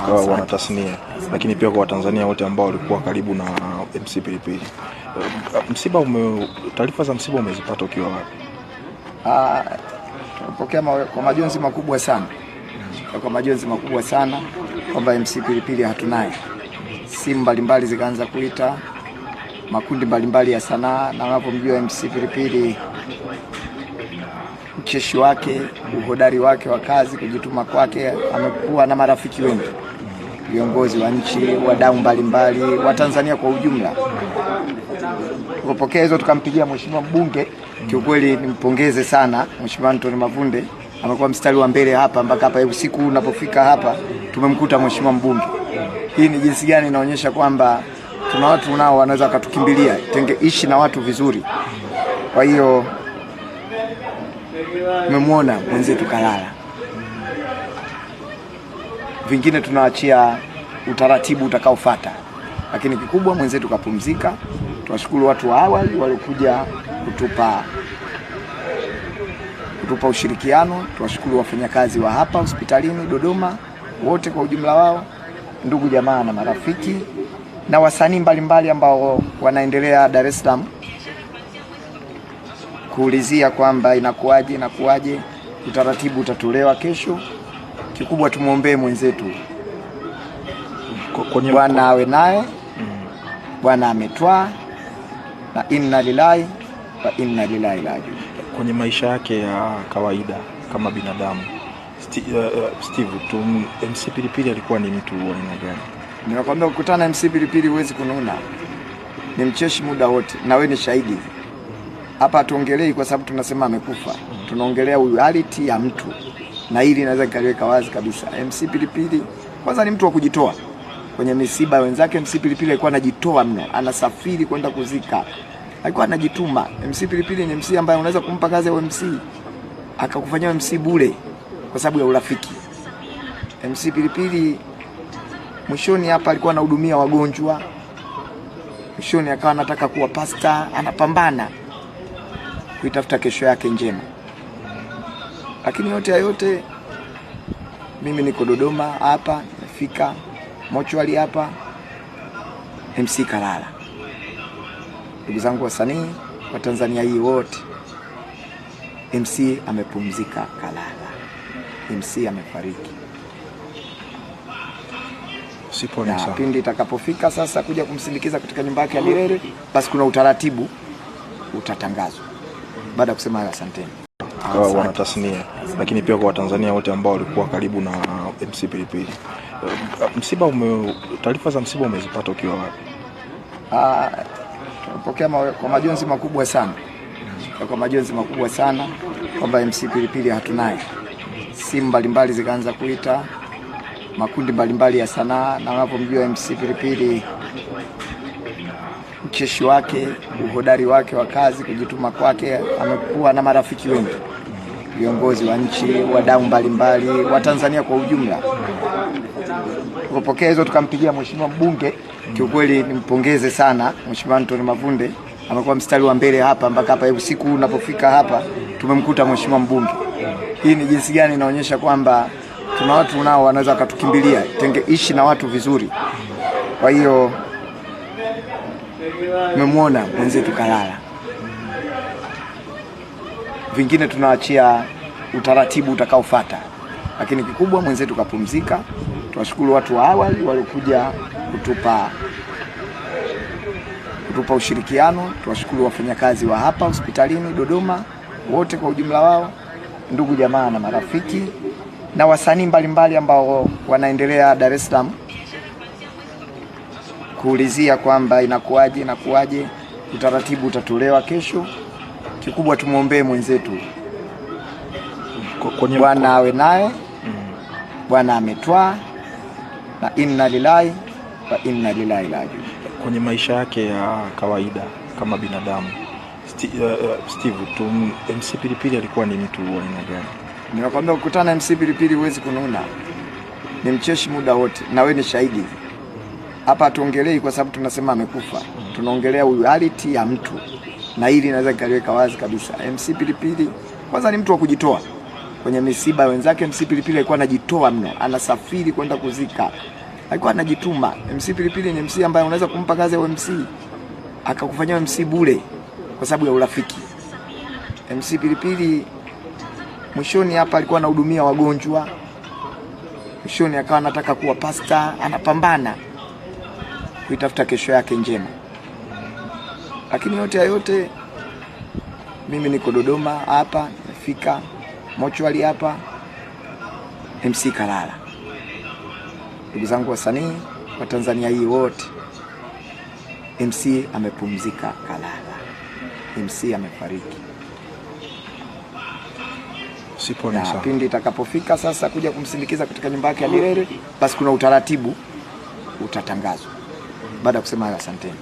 kwa wanatasnia, lakini pia kwa Watanzania wote ambao walikuwa karibu na uh, MC Pilipili. Uh, msiba, taarifa za msiba umezipata ukiwa wapi? Ah, tumepokea kwa majonzi makubwa sana, kwa majonzi makubwa sana kwamba MC Pilipili hatunaye. Simu mbalimbali zikaanza kuita makundi mbalimbali ya sanaa, na wanapomjua MC Pilipili ucheshi wake, uhodari wake wa kazi, kujituma kwake, amekuwa na marafiki wengi viongozi wa nchi, wadau mbalimbali wa Tanzania kwa ujumla. Tukapokea hizo tukampigia mheshimiwa mbunge, kiukweli nimpongeze sana Mheshimiwa Anthony Mavunde, amekuwa mstari wa mbele hapa mpaka hapa usiku unapofika hapa tumemkuta mheshimiwa mbunge. Hii ni jinsi gani inaonyesha kwamba tuna watu nao wanaweza wakatukimbilia, tenge ishi na watu vizuri. Kwa hiyo umemwona mwenzetu kalala vingine tunaachia utaratibu utakaofuata, lakini kikubwa mwenzetu kapumzika. Tunashukuru watu wa awali waliokuja kutupa kutupa ushirikiano. Tuwashukuru wafanyakazi wa hapa hospitalini Dodoma wote kwa ujumla wao, ndugu jamaa na marafiki, na wasanii mbalimbali ambao wanaendelea Dar es Salaam kuulizia kwamba inakuwaje, inakuwaje. Utaratibu utatolewa kesho kikubwa tumwombee mwenzetu Bwana awe naye mm. Bwana ametwaa na inna lillahi wa inna ilaihi rajiun. Kwenye maisha yake ya kawaida kama binadamu uh, uh, Steve tu, MC Pilipili alikuwa ni mtu wa aina gani? Ninakwambia kukutana MC Pilipili huwezi kununa, ni mcheshi muda wote, na wewe ni shahidi hapa. hatuongelei kwa sababu tunasema amekufa, mm. tunaongelea reality ya mtu na hili naweza nikaliweka wazi kabisa. MC Pilipili kwanza ni mtu wa kujitoa kwenye misiba wenzake. MC Pilipili alikuwa anajitoa mno, anasafiri kwenda kuzika, alikuwa anajituma. MC Pilipili ni MC ambaye unaweza kumpa kazi ya MC akakufanyia MC bure kwa sababu ya urafiki. MC Pilipili mwishoni hapa alikuwa anahudumia wagonjwa, mwishoni akawa anataka kuwa pasta, anapambana kuitafuta kesho yake njema. Lakini yote ya yote, mimi niko Dodoma hapa, nimefika mochwali hapa MC Kalala. Ndugu zangu wasanii wa Tanzania hii wote, MC amepumzika Kalala, MC amefariki. Na pindi itakapofika sasa kuja kumsindikiza katika nyumba yake ya milele, basi kuna utaratibu utatangazwa baada ya kusema asanteni uh, ah, wanatasnia, lakini pia kwa Watanzania wote ambao walikuwa karibu na uh, MC Pilipili. Uh, msiba ume, taarifa za msiba umezipata ukiwa wapi? Uh, tumepokea ma, kwa majonzi makubwa sana kwa majonzi makubwa sana kwamba MC Pilipili hatunaye. Simu mbalimbali zikaanza kuita makundi mbalimbali ya sanaa, na wanapomjua MC Pilipili ucheshi wake, uhodari wake wa kazi, kujituma kwake. Amekuwa na marafiki wengi, viongozi wa nchi, wadau mbalimbali wa Tanzania kwa ujumla. Kupokea hizo tukampigia mheshimiwa mbunge, kiukweli nimpongeze sana Mheshimiwa Anthony Mavunde, amekuwa mstari wa mbele hapa mpaka hapa usiku unapofika hapa tumemkuta mheshimiwa mbunge. Hii ni jinsi gani inaonyesha kwamba kuna watu nao wanaweza wakatukimbilia, ishi na watu vizuri, kwa hiyo Umemwona mwenzetu kalala. Vingine tunaachia utaratibu utakaofuata, lakini kikubwa mwenzetu kapumzika. Tuwashukuru watu wa awali waliokuja kutupa kutupa ushirikiano. Tuwashukuru wafanyakazi wa hapa hospitalini Dodoma wote kwa ujumla wao, ndugu jamaa na marafiki na wasanii mbalimbali ambao wanaendelea Dar es Salaam kuulizia kwamba inakuwaje, inakuwaje, utaratibu utatolewa kesho. Kikubwa tumwombee mwenzetu Bwana awe naye, mm. Bwana ametwaa, na inna lillahi wa inna ilaihi rajiun. Kwenye maisha yake ya kawaida kama binadamu Steve, uh, uh, Steve MC Pilipili alikuwa ni mtu wa aina gani? Ninakwambia ukutana MC Pilipili huwezi kununa, ni mcheshi muda wote, na wewe ni shahidi hapa hatuongelei kwa sababu tunasema amekufa, tunaongelea reality ya mtu, na hili naweza kaliweka wazi kabisa. MC Pilipili kwanza ni mtu wa kujitoa kwenye misiba wenzake. MC Pilipili alikuwa anajitoa mno, anasafiri kwenda kuzika, alikuwa anajituma. MC Pilipili ni MC ambaye unaweza kumpa kazi ya MC akakufanyia MC bure kwa sababu ya urafiki. MC Pilipili mwishoni hapa alikuwa anahudumia wagonjwa, mwishoni akawa anataka kuwa pasta, anapambana kuitafuta kesho yake njema. Lakini yote ya yote, mimi niko Dodoma hapa, nimefika mochwali hapa, MC Kalala. Ndugu zangu wasanii wa Tanzania hii wote, MC amepumzika Kalala, MC amefariki. Na pindi itakapofika sasa kuja kumsindikiza katika nyumba yake ya milele, basi kuna utaratibu utatangazwa. Baada ya kusema hayo, asanteni.